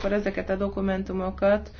akkor ezeket a dokumentumokat